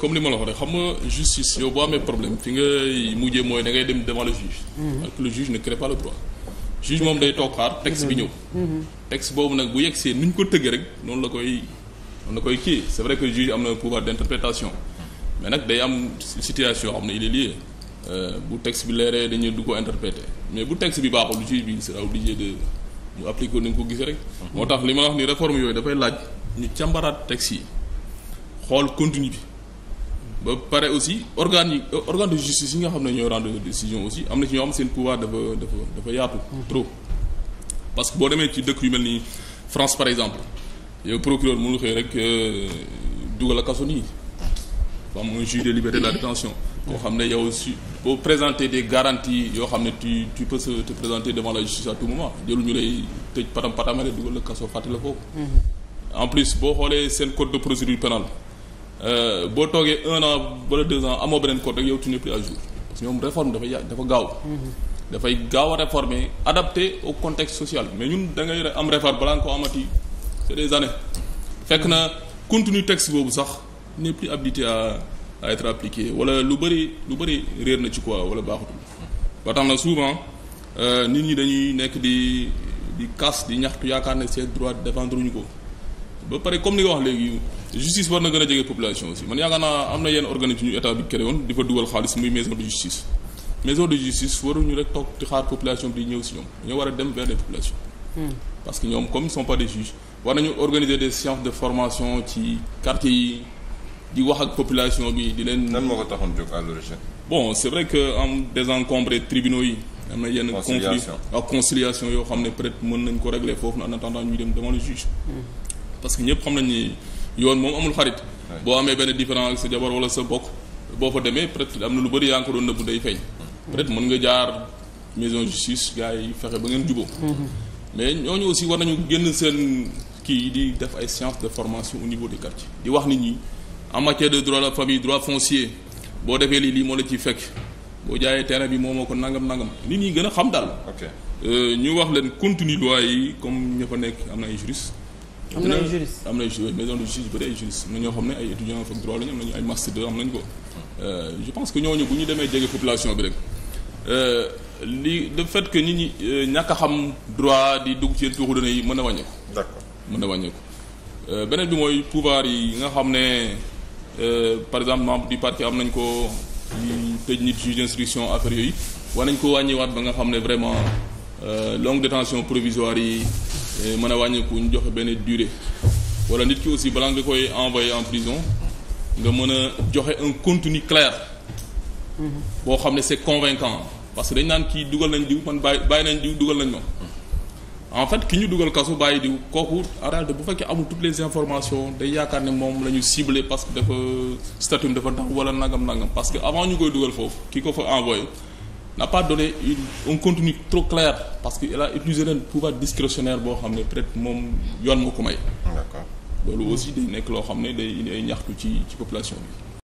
comme li ma la wax rek xam nga justice yow boo amee problème fi ngay mujjee mooy da ngay dem devant le juge. Mhm. parce que le juge ne crée le droit. juge moom day toog xaar texte bi mhm. ñëw. Mhm. texte boobu nag bu yegsee ni ñu ko tëggee rek noonu la koy noonu la koy kii c'est vrai que le am na pouvoir d'interprétation nag day am situation xam ne il est lié euh, bu texte bi leeree dañuy du ko interpréter mais bu texte bi baaxul juge bi sera obligé de mu appliquer ko ni ko gisee rek. moo tax li ma wax ni réforme yooyu dafay laaj ñu càmbaraat texte yi xool continue bi. ba pare aussi organes yi organes de justice yi nga xam ne ñooy rendre décision aussi am na ci ñoo xam seen pouvoir dafa dafa yaatu. parce que boo demee ci dëkk yu mel ni France par exemple yow procureur mënul xëy rek euh, dugal a kaso nii ba am un juge de liberté de la détention koo xam ne yow su boo présenter de garanti yoo xam ne tu tu peux se te présenter devant la justice à tout moment jëlu ñu lay tëj patam patamare dugal la kaso fàtte la foofu. Mhm. en plus boo xoolee seen de procédure pénale Euh, boo toogee un an wala deux ans amoo beneen code rek yow tu n'es plus à jour parce que ñoom réforme dafay yà dafa gaaw. Mm-hmm. dafay gaaw a réformer adapté au contexte social mais ñun da ngay am réforme balaa nga ko amati c'est des années. fekk na contenu texte boobu sax n'est plus habilité à à appliqué wala lu bëri lu bëri réer na ci quoi wala baaxutul. ba tax na souvent euh, nit ñi dañuy nekk di di casse di ñaxtu yaakaar ne seen droit défendre ñu ko. ba pare comme ni nga wax léegi justice war na gën a jege population aussi man yaakaar naa am na yenn organisme ñu état bi créé woon di fa dugal xaalis muy maison de justice maison de justice waruñu rek toog di xaar population bi di ñëw si ñoom ñoo war a dem vers les populations. Hmm. parce que ñoom comme son sont pas des juges war nañu organiser des séances de formation ci quartier yi di wax ak population bi di leen. nan moo ko taxoon jóg à l'origine bon c'est vrai que am désencombré tribunaux yi. am na yenn conflit ak conciliation yoo xam ne peut-être mën nañ ko régler foofu en attendant ñuy dem devant le juge. Hmm. parce que ñëpp xam nañ ni yoon moom amul xarit boo amee benn différent ak sa jabar wala sa bokk boo fa demee peut être am na lu bëri yaa ngi ko doon nëbbu day feeñ peut être mën nga jaar maison justice gars fexe ba ngeen juboo mm-hmm. mais ñooñu aussi war nañu génn seen kii yi di def ay séances de formation au niveau des quartiers di wax nit ñi en matière de droit de la famille droit foncier boo defee lii lii moo la ciy fekk boo jaayee terrain bi moo moo ko nangam nangam nit ñi gën a xam daal euh, ñu wax leen contenu loi yi comme ña fa nekk am na ay am na am na ay juristes maison de justice bu dee ay juristes am ñoo xam ne ay étudiants fac droit la ay master 2 am nañu ko euh, je pense que ñooñu bu ñu demee jege population bi rek euh, li de fait que nit ñi euh, ñàkk xam droit di dugg ci yenn tuuxu dana yi mën na wàññeeku. d'accord mën na wàññeeku. beneen bi mooy pouvoir yi nga xam ne par exemple membre du parquet am nañ ko ñu tëj nit juge d'instruction affaire yooyu war nañ ko wàññiwaat ba nga xam ne vraiment longue détention provisoire yi. mën a wàññeeku ñu joxe benn durée wala nit ki aussi balaa nga koy envoyé en prison nga mën a joxe un contenu clair mhm. boo xam ne c'est convaincant parce que dañ naan kii dugal nañ diw man bàyyi bàyyi nañ diw dugal nañ ma en fait ki ñu dugal kaso bàyyi diw kooku en bu fekkee amul toutes les informations day yaakaar ne moom la ñu ciblé parce que dafa statut dafa ndax wala nangam nangam parce que avant ñu koy dugal foofu ki ko fa envoyé n'a pas donné une un contenu trop clair parce que il a utilisé leen pouvoir discrétionnaire boo xam ne peut-être moom yoon moo ko may. loolu aussi day nekk loo xam ne day indi ay ñaxtu ci ci population bi.